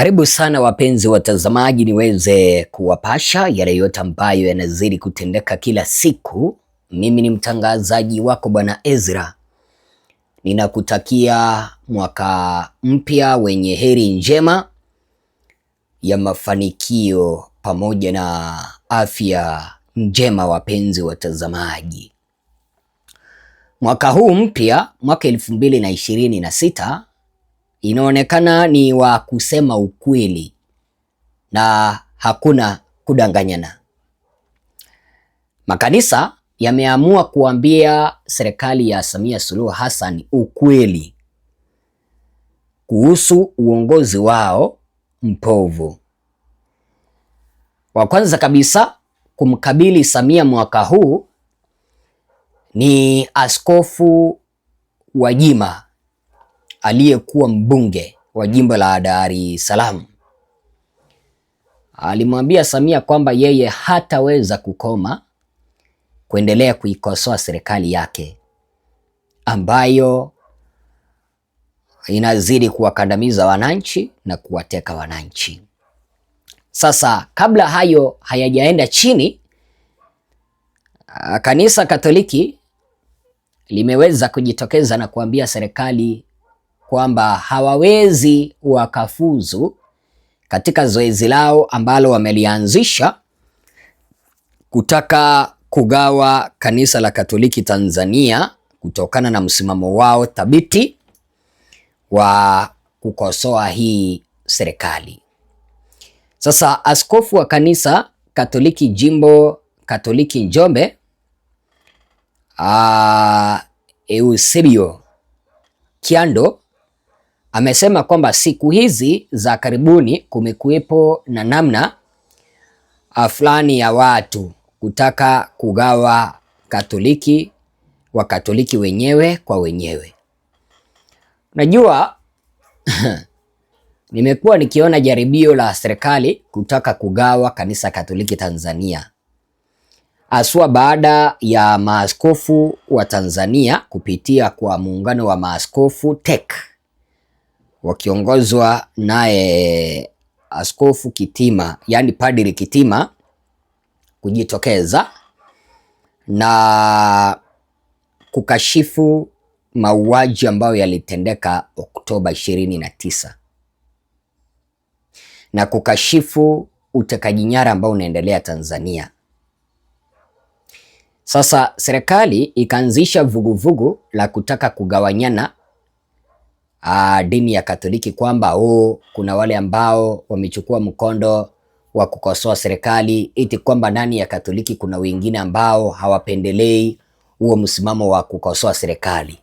Karibu sana wapenzi watazamaji, niweze kuwapasha yale yote ambayo yanazidi kutendeka kila siku. Mimi ni mtangazaji wako Bwana Ezra, ninakutakia mwaka mpya wenye heri njema ya mafanikio pamoja na afya njema. Wapenzi watazamaji, mwaka huu mpya, mwaka elfu mbili na ishirini na sita inaonekana ni wa kusema ukweli na hakuna kudanganyana. Makanisa yameamua kuambia serikali ya Samia Suluhu Hassan ukweli kuhusu uongozi wao mpovu. Wa kwanza kabisa kumkabili Samia mwaka huu ni Askofu Gwajima aliyekuwa mbunge wa jimbo la Dar es Salaam alimwambia Samia kwamba yeye hataweza kukoma kuendelea kuikosoa serikali yake ambayo inazidi kuwakandamiza wananchi na kuwateka wananchi. Sasa kabla hayo hayajaenda chini, Kanisa Katoliki limeweza kujitokeza na kuambia serikali kwamba hawawezi wakafuzu katika zoezi lao ambalo wamelianzisha kutaka kugawa kanisa la Katoliki Tanzania kutokana na msimamo wao thabiti wa kukosoa hii serikali. Sasa askofu wa kanisa Katoliki Jimbo Katoliki Njombe ah, Eusebio kiando Amesema kwamba siku hizi za karibuni kumekuwepo na namna ah, fulani ya watu kutaka kugawa Katoliki wa Katoliki wenyewe kwa wenyewe. Najua nimekuwa nikiona jaribio la serikali kutaka kugawa kanisa Katoliki Tanzania, haswa baada ya maaskofu wa Tanzania kupitia kwa muungano wa maaskofu TEC wakiongozwa naye Askofu Kitima, yani Padri Kitima kujitokeza na kukashifu mauaji ambayo yalitendeka Oktoba 29 na kukashifu utekaji nyara ambao unaendelea Tanzania. Sasa serikali ikaanzisha vuguvugu la kutaka kugawanyana uh, dini ya Katoliki kwamba oh, kuna wale ambao wamechukua mkondo wa kukosoa serikali eti kwamba ndani ya Katoliki kuna wengine ambao hawapendelei huo msimamo wa kukosoa serikali.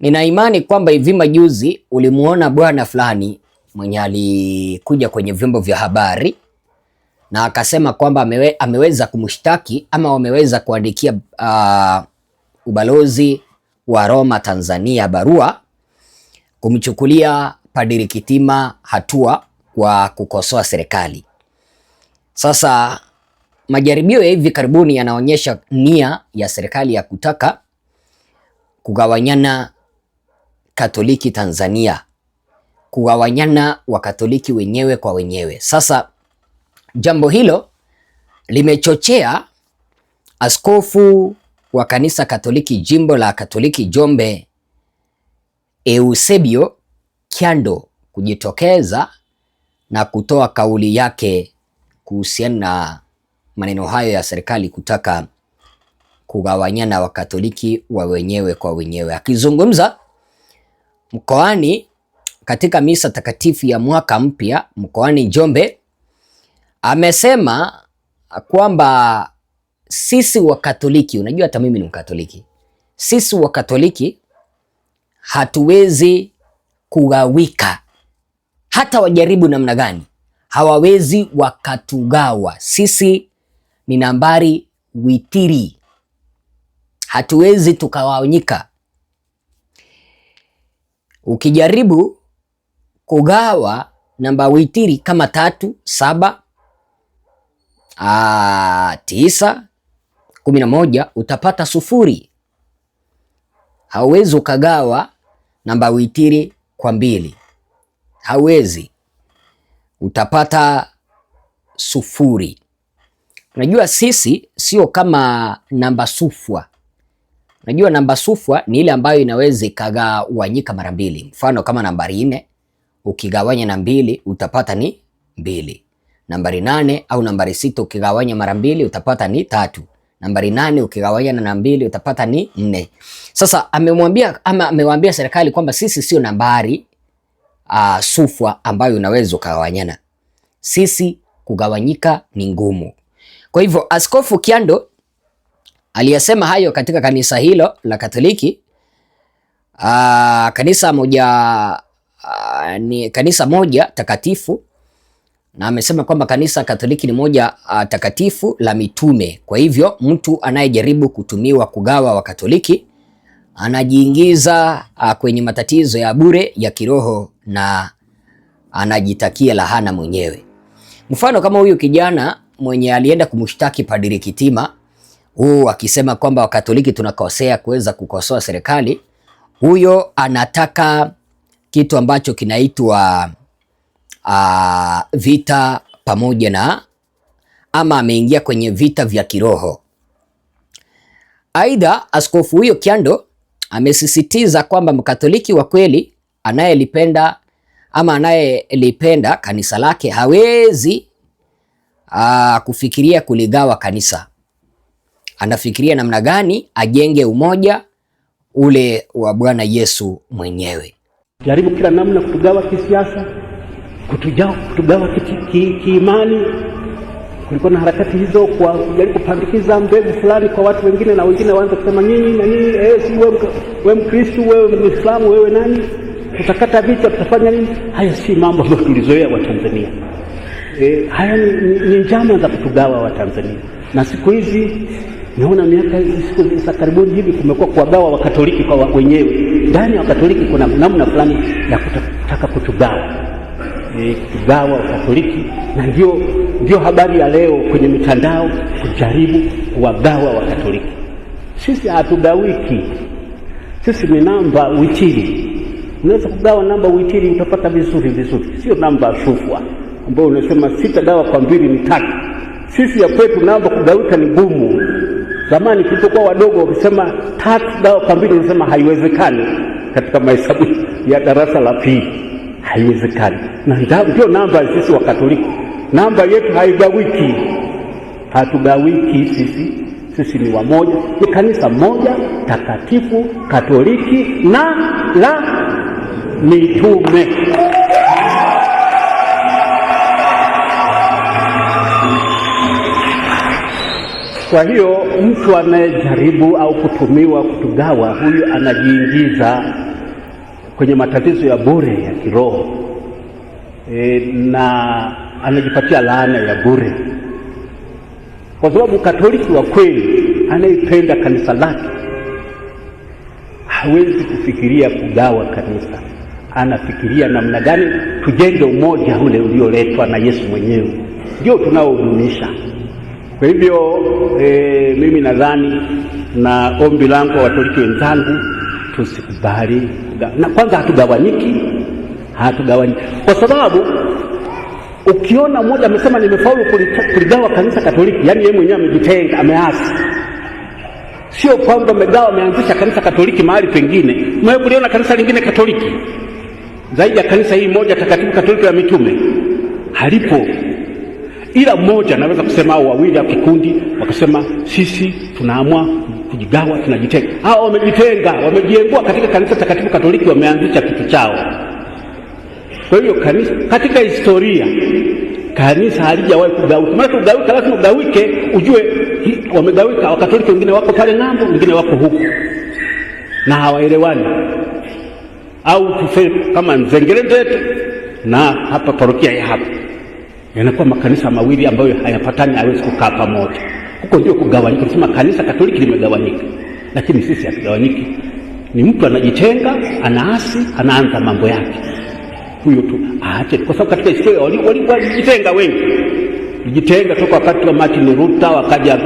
Nina imani kwamba hivi majuzi ulimuona bwana fulani mwenye alikuja kwenye vyombo vya habari na akasema kwamba amewe, ameweza kumshtaki ama wameweza kuandikia uh, ubalozi wa Roma Tanzania barua kumchukulia Padri Kitima hatua kwa kukosoa serikali. Sasa majaribio ya hivi karibuni yanaonyesha nia ya serikali ya kutaka kugawanyana Katoliki Tanzania, kugawanyana Wakatoliki wenyewe kwa wenyewe. Sasa jambo hilo limechochea askofu wa kanisa Katoliki jimbo la Katoliki Jombe Eusebio Kyando kujitokeza na kutoa kauli yake kuhusiana na maneno hayo ya serikali kutaka kugawanyana Wakatoliki wa wenyewe kwa wenyewe. Akizungumza mkoani katika misa takatifu ya mwaka mpya mkoani Njombe, amesema kwamba sisi Wakatoliki, unajua hata mimi ni Mkatoliki, sisi Wakatoliki hatuwezi kugawika, hata wajaribu namna gani hawawezi wakatugawa. Sisi ni nambari witiri, hatuwezi tukawaonyika Ukijaribu kugawa namba witiri kama tatu, saba, aa, ah, tisa, kumi na moja, utapata sufuri. Hauwezi ukagawa namba witiri kwa mbili, hawezi utapata sufuri. Unajua sisi sio kama namba sufwa. Unajua namba sufwa ni ile ambayo inaweza ikagawanyika mara mbili. Mfano kama nambari nne ukigawanya na mbili utapata ni mbili. Nambari nane au nambari sita ukigawanya mara mbili utapata ni tatu nambari nane ukigawanyana na mbili utapata ni nne. Sasa amemwambia ama amewaambia serikali kwamba sisi sio nambari uh, sufwa ambayo unaweza ukagawanyana. Sisi kugawanyika ni ngumu. Kwa hivyo Askofu Kiando aliyasema hayo katika kanisa hilo la Katoliki uh, kanisa moja uh, ni kanisa moja takatifu na amesema kwamba kanisa Katoliki ni moja a, ah, takatifu la mitume. Kwa hivyo mtu anayejaribu kutumiwa kugawa Wakatoliki anajiingiza a, ah, kwenye matatizo ya bure ya kiroho na anajitakia lahana mwenyewe. Mfano kama huyu kijana mwenye alienda kumshtaki Padri Kitima huu akisema kwamba Wakatoliki tunakosea kuweza kukosoa serikali. Huyo anataka kitu ambacho kinaitwa a, ah, vita pamoja na ama ameingia kwenye vita vya kiroho. Aidha, askofu huyo Kyando amesisitiza kwamba mkatoliki wa kweli anayelipenda ama anayelipenda kanisa lake hawezi aa, ah, kufikiria kuligawa kanisa. Anafikiria namna gani ajenge umoja ule wa Bwana Yesu mwenyewe. Jaribu kila namna kutugawa kisiasa kutugawa kiimani. Kulikuwa na harakati hizo kwa kujaribu kupandikiza mbegu fulani kwa watu wengine, na wengine waanza kusema nyinyi na nyinyi, eh, si wewe Mkristo, wewe Muislamu, wewe nani, tutakata vicha tutafanya nini? Haya si mambo ambayo tulizoea Watanzania. E, haya ni, ni, ni njama za kutugawa Watanzania, na siku hizi naona miaka siku za karibuni hivi kumekuwa kuwagawa Wakatoliki kwa wenyewe. Ndani ya Wakatoliki kuna namna fulani ya kutaka kutugawa e, kugawa Ukatoliki, na ndio ndio habari ya leo kwenye mitandao, kujaribu kuwagawa Wakatoliki. Sisi hatugawiki, sisi ni namba witiri. Unaweza kugawa namba witiri, utapata vizuri vizuri, sio namba shufwa ambayo unasema sita dawa kwa mbili ni tatu. Sisi ya kwetu namba kugawika ni gumu. Zamani tulipokuwa wadogo, wakisema tatu dawa kwa mbili, unasema haiwezekani katika mahesabu ya darasa la pili haiwezekani. Na ndio namba sisi wa Katoliki, namba yetu haigawiki, hatugawiki sisi, sisi ni wamoja, ni kanisa moja takatifu Katoliki na la mitume. Kwa hiyo mtu anayejaribu au kutumiwa kutugawa, huyu anajiingiza kwenye matatizo ya bure ya kiroho e, na anajipatia laana ya bure, kwa sababu Katoliki wa kweli anayependa kanisa lake hawezi kufikiria kugawa kanisa, anafikiria namna gani tujenge umoja ule ulioletwa na Yesu mwenyewe, ndio tunaohudumisha Kwa hivyo e, mimi nadhani na ombi langu kwa katoliki wenzangu tusikubali. Na kwanza hatugawanyiki, hatugawanyiki kwa sababu ukiona mmoja amesema nimefaulu kuligawa kanisa Katoliki, yaani yeye mwenyewe amejitenga, ameasi. Sio kwamba amegawa, ameanzisha kanisa Katoliki mahali pengine. Mwe kuliona kanisa lingine Katoliki zaidi ya kanisa hii moja takatifu Katoliki la mitume halipo ila mmoja anaweza kusema au wawili au kikundi wakasema, sisi tunaamua kujigawa, tunajitenga. Hao ah, wamejitenga, wamejiengua katika kanisa takatifu Katoliki, wameanzisha kitu chao. Kwa hiyo kanisa, katika historia kanisa halijawahi kugawika. Maana kugawika lazima ugawike, ujue wamegawika. Wakatoliki wengine wako pale ng'ambo, wengine wako huku na hawaelewani, au tuseme kama Nzengerendete na hapa parokia ya hapa yanakuwa makanisa mawili ambayo hayapatani, hawezi kukaa pamoja. Huko ndio kugawanyika. Tunasema kanisa Katoliki limegawanyika, lakini sisi hatugawanyiki. Ni mtu anajitenga, anaasi, anaanza mambo yake, huyo tu aache, kwa sababu katika historia walijitenga wengi, jitenga toka wakati wa Martin Luther, wakaja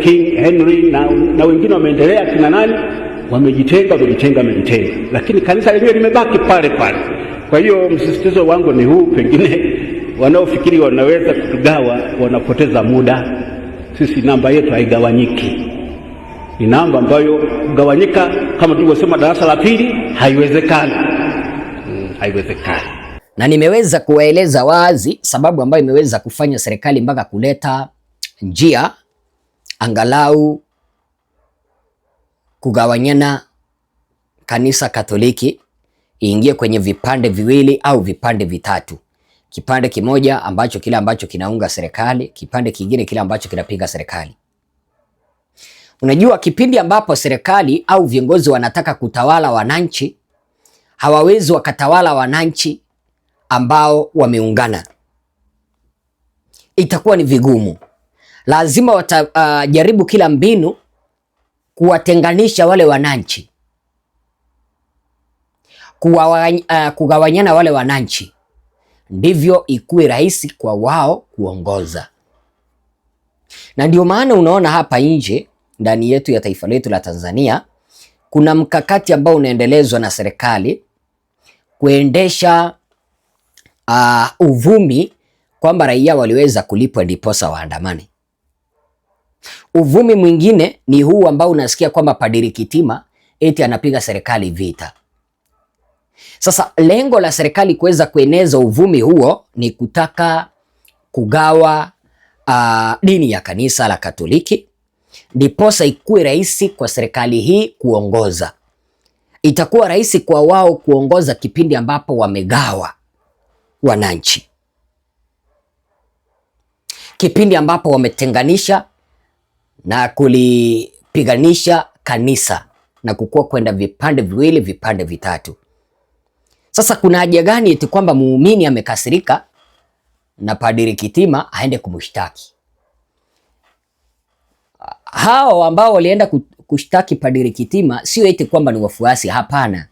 King Henry na, na wengine wameendelea, kina nani wamejitenga, wamejitenga, wamejitenga, lakini kanisa lenyewe limebaki pale pale. Kwa hiyo msisitizo wangu ni huu, pengine wanaofikiri wanaweza kutugawa wanapoteza muda. Sisi namba yetu haigawanyiki, ni namba ambayo kugawanyika kama tulivyosema darasa la pili haiwezekani, hmm, haiwezekani na nimeweza kuwaeleza wazi sababu ambayo imeweza kufanya serikali mpaka kuleta njia angalau kugawanyana kanisa Katoliki iingie kwenye vipande viwili au vipande vitatu kipande kimoja ambacho kile ambacho kinaunga serikali, kipande kingine kile ambacho kinapinga serikali. Unajua, kipindi ambapo serikali au viongozi wanataka kutawala wananchi, hawawezi wakatawala wananchi ambao wameungana, itakuwa ni vigumu. Lazima watajaribu uh, kila mbinu kuwatenganisha wale wananchi, kuwawany, uh, kugawanyana wale wananchi ndivyo ikuwe rahisi kwa wao kuongoza. Na ndio maana unaona hapa nje ndani yetu ya taifa letu la Tanzania kuna mkakati ambao unaendelezwa na serikali kuendesha uh, uvumi kwamba raia waliweza kulipwa ndiposa waandamani. Uvumi mwingine ni huu ambao unasikia kwamba Padiri Kitima eti anapiga serikali vita. Sasa lengo la serikali kuweza kueneza uvumi huo ni kutaka kugawa uh, dini ya kanisa la Katoliki, ndiposa ikuwe rahisi kwa serikali hii kuongoza. Itakuwa rahisi kwa wao kuongoza kipindi ambapo wamegawa wananchi, kipindi ambapo wametenganisha na kulipiganisha kanisa na kukua kwenda vipande viwili, vipande vitatu. Sasa kuna haja gani eti kwamba muumini amekasirika na Padri Kitima aende kumshtaki? Hao ambao walienda kushtaki Padri Kitima sio eti kwamba ni wafuasi, hapana.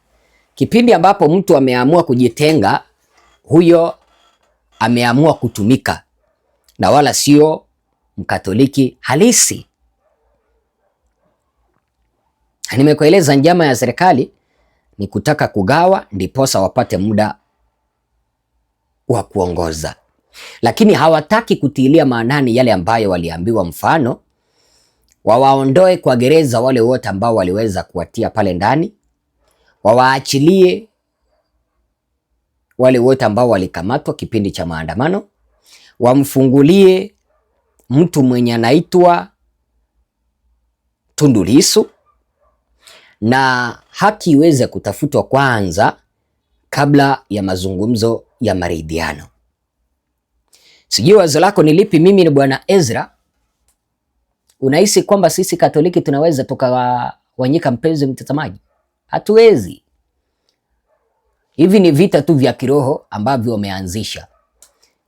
Kipindi ambapo mtu ameamua kujitenga, huyo ameamua kutumika na wala sio Mkatoliki halisi. Nimekueleza njama ya serikali ni kutaka kugawa, ndiposa wapate muda wa kuongoza, lakini hawataki kutilia maanani yale ambayo waliambiwa. Mfano, wawaondoe kwa gereza wale wote ambao waliweza kuwatia pale ndani, wawaachilie wale wote ambao walikamatwa kipindi cha maandamano, wamfungulie mtu mwenye anaitwa Tundu Lissu na haki iweze kutafutwa kwanza kabla ya mazungumzo ya maridhiano. Sijui wazo lako ni lipi? Mimi ni Bwana Ezra. Unahisi kwamba sisi Katoliki tunaweza tukawanyika? Mpenzi mtazamaji, hatuwezi. Hivi ni vita tu vya kiroho ambavyo wameanzisha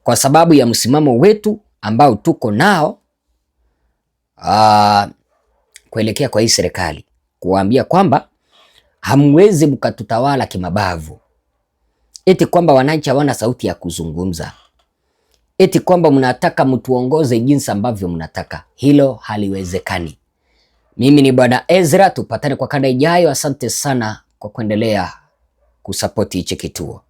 kwa sababu ya msimamo wetu ambao tuko nao aa, kuelekea kwa hii serikali kuwaambia kwamba hamwezi mkatutawala kimabavu, eti kwamba wananchi hawana sauti ya kuzungumza, eti kwamba mnataka mtuongoze jinsi ambavyo mnataka. Hilo haliwezekani. Mimi ni Bwana Ezra, tupatane kwa kanda ijayo. Asante sana kwa kuendelea kusapoti hichi kituo.